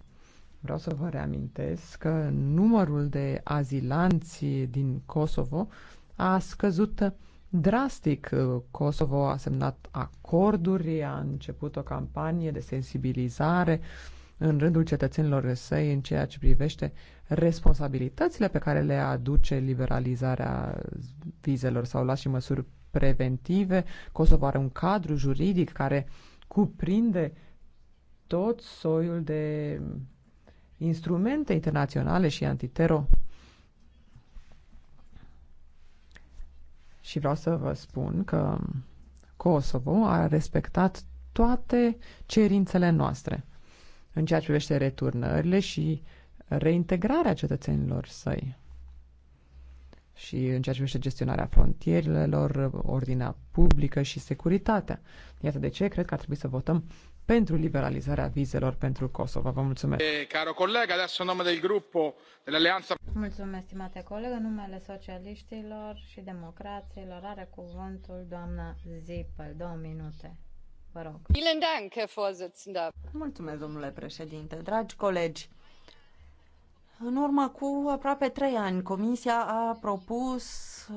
Vreau să vă reamintesc că numărul de azilanți din Kosovo a scăzut drastic. Uh, Kosovo a semnat acorduri, a început o campanie de sensibilizare în rândul cetățenilor săi în ceea ce privește responsabilitățile pe care le aduce liberalizarea vizelor. sau au luat și măsuri preventive. Kosovo are un cadru juridic care cuprinde tot soiul de instrumente internaționale și antitero. Și vreau să vă spun că Kosovo a respectat toate cerințele noastre în ceea ce privește returnările și reintegrarea cetățenilor săi și în ceea ce privește gestionarea frontierelor, ordinea publică și securitatea. Iată de ce cred că ar trebui să votăm pentru liberalizarea vizelor pentru Kosovo. Vă mulțumesc. Eh, caro colegă, adesso în nume del gruppo dell'Alleanza. Mulțumesc, stimate colegă. Numele socialiștilor și democraților are cuvântul doamna Zipel. Două minute. Vă rog. Mulțumesc, domnule președinte. Dragi colegi, în urmă cu aproape trei ani, Comisia a propus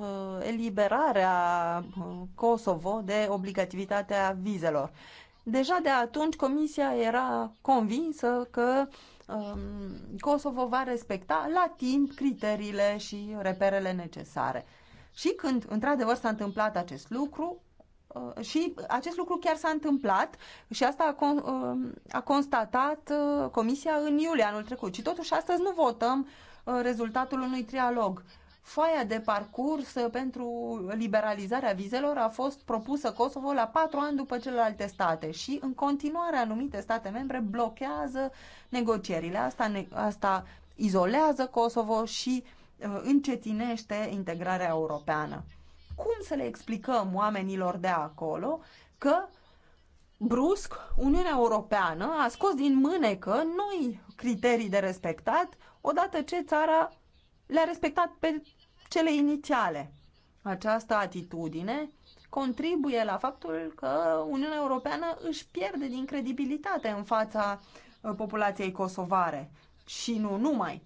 uh, eliberarea uh, Kosovo de obligativitatea vizelor. Deja de atunci, Comisia era convinsă că um, Kosovo va respecta la timp criteriile și reperele necesare. Și când, într-adevăr, s-a întâmplat acest lucru, Uh, și acest lucru chiar s-a întâmplat și asta a, con, uh, a constatat uh, Comisia în iulie anul trecut. Și totuși astăzi nu votăm rezultatul unui trialog. Foaia de parcurs pentru liberalizarea vizelor a fost propusă Kosovo la patru ani după celelalte state și în continuare anumite state membre blochează negocierile. Asta, ne, asta izolează Kosovo și uh, încetinește integrarea europeană cum să le explicăm oamenilor de acolo că brusc Uniunea Europeană a scos din mânecă noi criterii de respectat odată ce țara le-a respectat pe cele inițiale. Această atitudine contribuie la faptul că Uniunea Europeană își pierde din credibilitate în fața uh, populației kosovare. Și nu numai.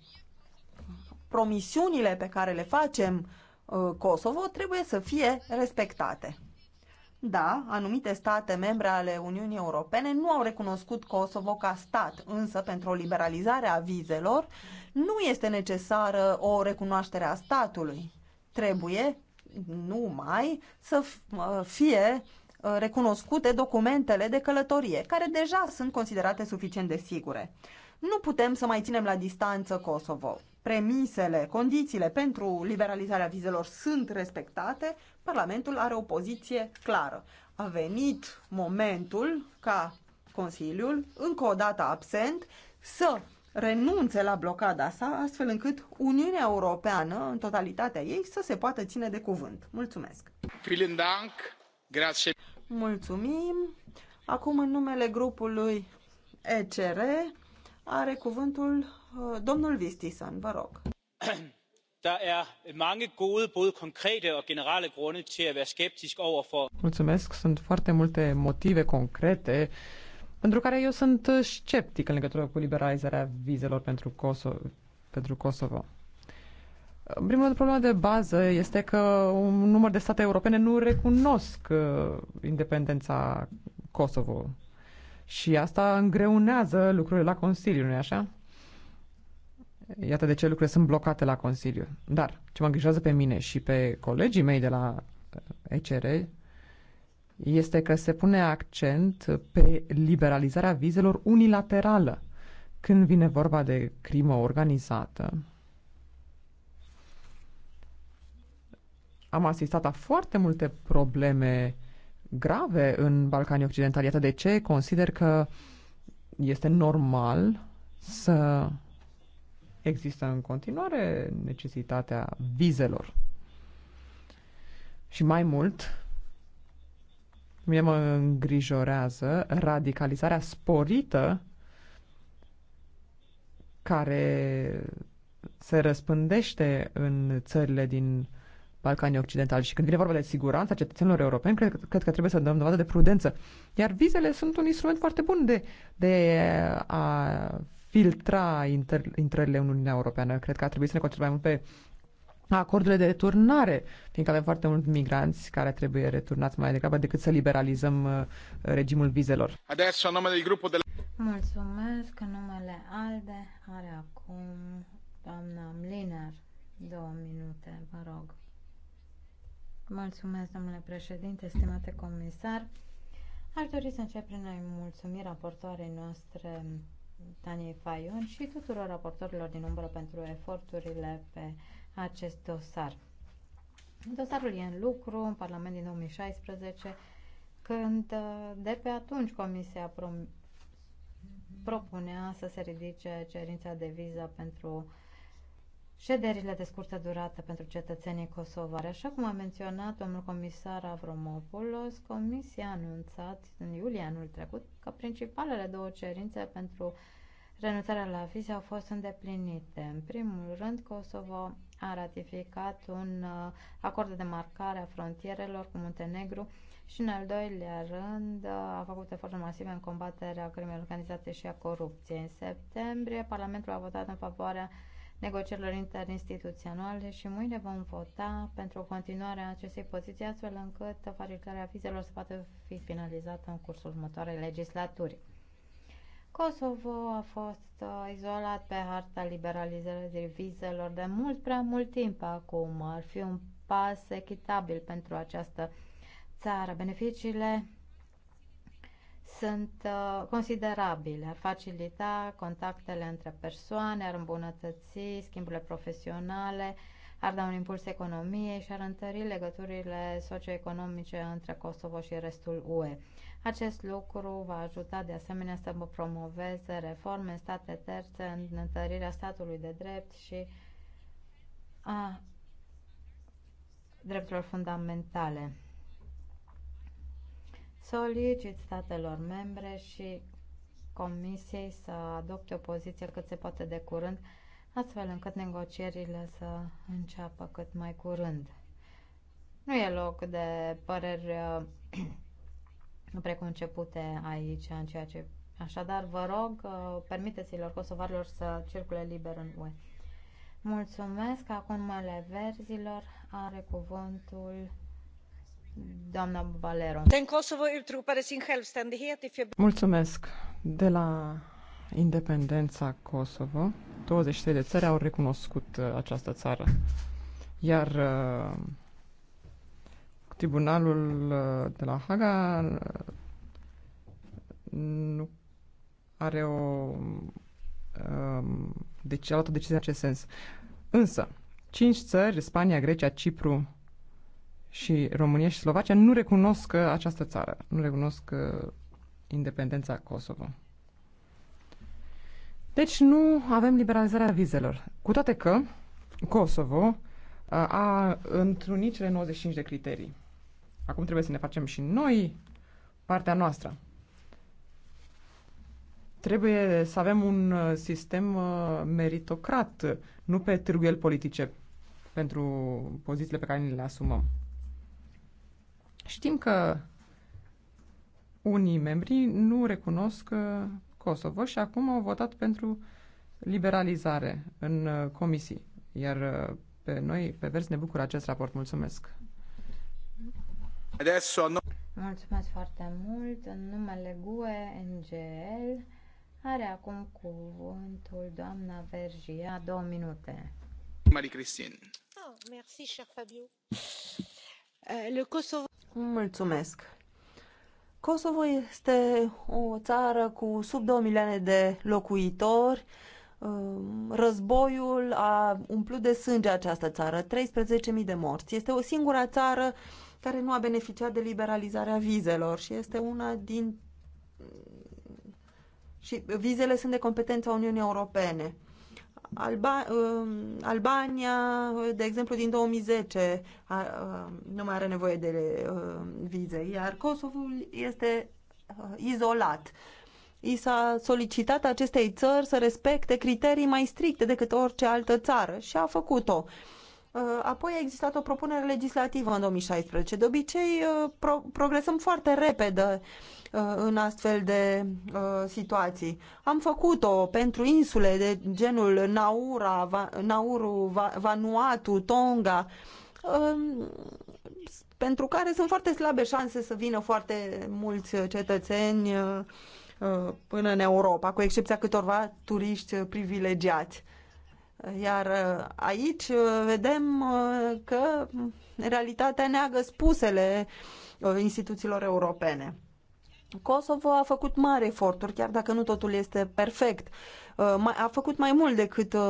Promisiunile pe care le facem Uh, Kosovo trebuie să fie respectate. Da, anumite state membre ale Uniunii Europene nu au recunoscut Kosovo ca stat, însă pentru o liberalizare a vizelor nu este necesară o recunoaștere a statului. Trebuie numai să uh, fie uh, recunoscute documentele de călătorie, care deja sunt considerate suficient de sigure. Nu putem să mai ținem la distanță Kosovo premisele, condițiile pentru liberalizarea vizelor sunt respectate, Parlamentul are o poziție clară. A venit momentul ca Consiliul, încă o dată absent, să renunțe la blocada sa, astfel încât Uniunea Europeană, în totalitatea ei, să se poată ține de cuvânt. Mulțumesc! Mulțumim! Acum, în numele grupului ECR, are cuvântul Eh, domnul Vistisen, vă rog. Der er mange gode, både konkrete og generelle grunde til at være skeptisk overfor. Mulțumesc, sunt foarte multe motive concrete pentru care eu sunt sceptic în legătură cu liberalizarea vizelor pentru Kosovo. Pentru Kosovo. În primul rând, problema de bază este că un număr de state europene nu recunosc eh, independența Kosovo. Și asta îngreunează lucrurile la Consiliu, nu-i așa? Iată de ce lucrurile sunt blocate la Consiliu. Dar ce mă îngrijează pe mine și pe colegii mei de la uh, ECR este că se pune accent pe liberalizarea vizelor unilaterală când vine vorba de crimă organizată. Am asistat la foarte multe probleme grave în Balcanii Occidentali. Iată de ce consider că este normal să Există în continuare necesitatea vizelor. Și mai mult, mie mă îngrijorează radicalizarea sporită care se răspândește în țările din Balcanii Occidentali. Și când vine vorba de siguranța cetățenilor europeni, cred, cred că trebuie să dăm dovadă de prudență. Iar vizele sunt un instrument foarte bun de, de a filtra inter- intrările în Uniunea Europeană. Cred că ar trebui să ne concentrăm mai mult pe acordurile de returnare, fiindcă avem foarte mulți migranți care trebuie returnați mai degrabă decât să liberalizăm uh, regimul vizelor. Adesso, numele Mulțumesc. Numele ALDE are acum doamna Mlinar. Două minute, vă rog. Mulțumesc, domnule președinte, stimate comisar. Aș dori să încep prin a-i mulțumi raportoarei noastre Daniei Faion și tuturor raportorilor din umbră pentru eforturile pe acest dosar. Dosarul e în lucru în Parlament din 2016, când uh, de pe atunci Comisia pro propunea să se ridice cerința de viză pentru Șederile de scurtă durată pentru cetățenii kosovari. Așa cum a menționat domnul comisar Avromopoulos, Comisia a anunțat în iulie anul trecut că principalele două cerințe pentru renunțarea la vize au fost îndeplinite. În primul rând, Kosovo a ratificat un uh, acord de demarcare a frontierelor cu Muntenegru și, în al doilea rând, uh, a făcut eforturi masive în combaterea crimei organizate și a corupției. În septembrie, Parlamentul a votat în favoarea negocierilor interinstituționale și mâine vom vota pentru continuarea acestei poziții astfel încât facilitarea vizelor să poată fi finalizată în cursul următoarei legislaturi. Kosovo a fost uh, izolat pe harta liberalizării vizelor de mult prea mult timp acum. Ar fi un pas echitabil pentru această țară. Beneficiile sunt uh, considerabile, ar facilita contactele între persoane, ar îmbunătăți schimburile profesionale, ar da un impuls economiei și ar întări legăturile socioeconomice între Kosovo și restul UE. Acest lucru va ajuta de asemenea să promoveze reforme în state terțe, în întărirea statului de drept și a drepturilor fundamentale solicit statelor membre și Comisiei să adopte o poziție cât se poate de curând, astfel încât negocierile să înceapă cât mai curând. Nu e loc de păreri uh, preconcepute aici în ceea ce... Așadar, vă rog, uh, permiteți-lor kosovarilor să circule liber în UE. Mulțumesc. Acum mele verzilor are cuvântul de la independența Kosovo, trei de țări au recunoscut uh, această țară. Iar uh, tribunalul uh, de la Haga nu are o um, deci a luat o decizie în acest sens. Însă, cinci țări, Spania, Grecia, Cipru și România și Slovacia nu recunosc uh, această țară, nu recunosc uh, independența Kosovo. Deci nu avem liberalizarea vizelor. Cu toate că Kosovo uh, a întrunit cele 95 de criterii. Acum trebuie să ne facem și noi partea noastră. Trebuie să avem un sistem meritocrat, nu pe târguieli politice pentru pozițiile pe care ni le asumăm. Știm că unii membri nu recunosc uh, Kosovo și acum au votat pentru liberalizare în uh, comisii. Iar uh, pe noi, pe vers, ne bucură acest raport. Mulțumesc! Mulțumesc foarte mult! În numele GUE, NGL, are acum cuvântul doamna Vergia, două minute. Marie Christine. Oh, merci, cher Fabio. Euh, le Kosovo Mulțumesc. Kosovo este o țară cu sub 2 milioane de locuitori. Um, războiul a umplut de sânge această țară, 13.000 de morți. Este o singura țară care nu a beneficiat de liberalizarea vizelor și este una din... Și vizele sunt de competența Uniunii Europene. Alba, um, Albania, de exemplu, din 2010 um, nu mai are nevoie de um, vize, iar Kosovul este uh, izolat. I s-a solicitat acestei țări să respecte criterii mai stricte decât orice altă țară și a făcut-o. Uh, apoi a existat o propunere legislativă în 2016. De obicei, uh, pro progresăm foarte repede Uh, în astfel de uh, situații. Am făcut-o pentru insule de genul Naura, Nauru, Vanuatu, Tonga, um, pentru care sunt foarte slabe șanse să vină foarte mulți cetățeni uh, până în Europa, cu excepția câtorva turiști privilegiați. Iar aici vedem că realitatea neagă spusele instituțiilor europene. Kosovo a făcut mari eforturi, chiar dacă nu totul este perfect. Uh, a făcut mai mult decât uh,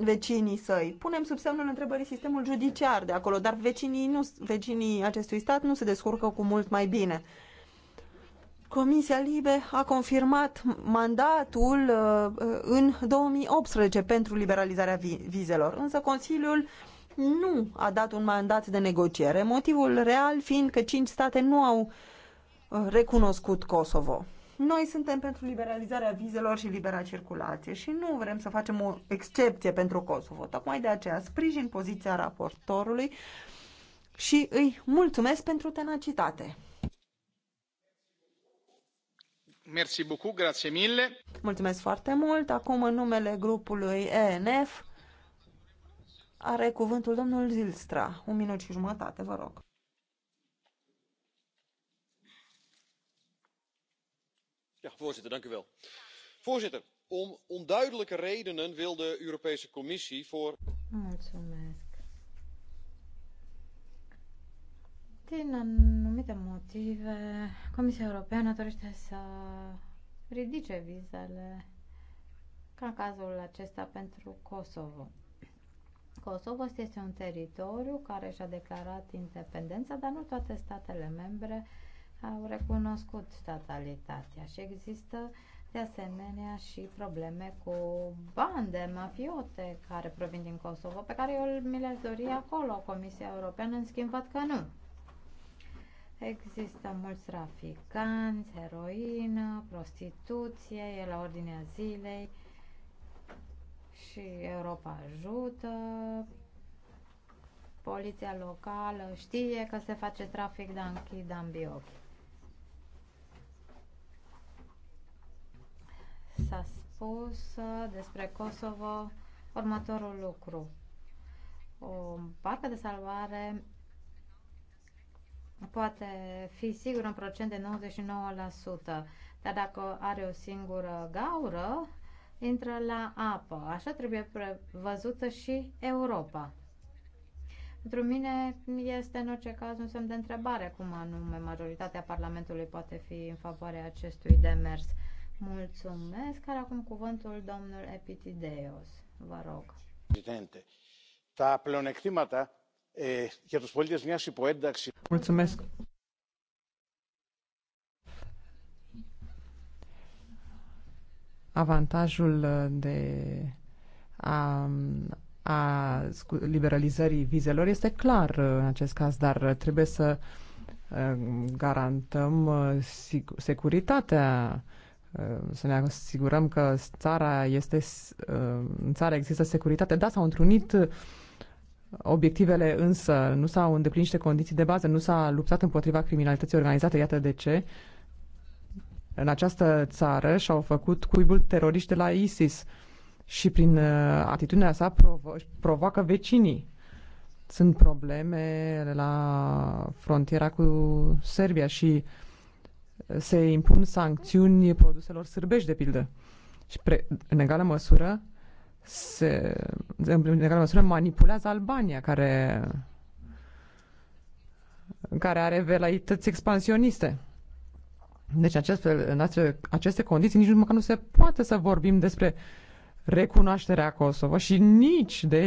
vecinii săi. Punem sub semnul întrebării sistemul judiciar de acolo, dar vecinii, nu, vecinii acestui stat nu se descurcă cu mult mai bine. Comisia Libe a confirmat mandatul uh, în 2018 pentru liberalizarea vizelor, însă Consiliul nu a dat un mandat de negociere, motivul real fiind că cinci state nu au uh, recunoscut Kosovo. Noi suntem pentru liberalizarea vizelor și libera circulație și nu vrem să facem o excepție pentru Kosovo. Tocmai de aceea sprijin poziția raportorului și îi mulțumesc pentru tenacitate. Merci beaucoup, grazie mille. Mulțumesc foarte mult. Acum, în numele grupului ENF, are cuvântul domnul Zilstra. Un minut și jumătate, vă rog. voorzitter om onduidelijke redenen wil de europese commissie voor. motive comisia europeană dorește să ridice vizele ca cazul acesta pentru kosovo. Kosovo este un teritoriu care și-a declarat independența, dar nu toate statele membre au recunoscut statalitatea și există de asemenea și probleme cu bande mafiote care provin din Kosovo, pe care eu mi le-aș dori acolo. Comisia Europeană, în schimb, văd că nu. Există mulți traficanți, heroină, prostituție, e la ordinea zilei și Europa ajută. Poliția locală știe că se face trafic de închid ambii ochi. spus despre Kosovo următorul lucru. O barcă de salvare poate fi sigur un procent de 99%, dar dacă are o singură gaură, intră la apă. Așa trebuie văzută și Europa. Pentru mine este în orice caz un semn de întrebare cum anume majoritatea Parlamentului poate fi în favoarea acestui demers. Mulțumesc. Care acum cuvântul domnul Epitideos. Vă rog. Presidente, ta pleonectimata e, για τους πολίτες μιας υποένταξης... Mulțumesc. Avantajul uh, de a, a liberalizării vizelor este clar uh, în acest caz, dar trebuie să uh, garantăm securitatea Ehm, să ne asigurăm că țara este, ehm, în țară există securitate. Da, s-au întrunit uh, obiectivele, însă nu s-au îndeplinit niște condiții de bază, nu s-a luptat împotriva criminalității organizate, iată de ce. În această țară și-au făcut cuibul teroriști de la ISIS și prin uh, atitudinea sa provo- provoacă vecinii. Sunt probleme la frontiera cu Serbia și uh, se impun sancțiuni produselor sârbești, de pildă. Și pre, în egală măsură se, în egală măsură manipulează Albania, care care are velaități expansioniste. Deci aceste, în aceste, aceste condiții nici măcar nu se poate să vorbim despre recunoașterea Kosovo și nici de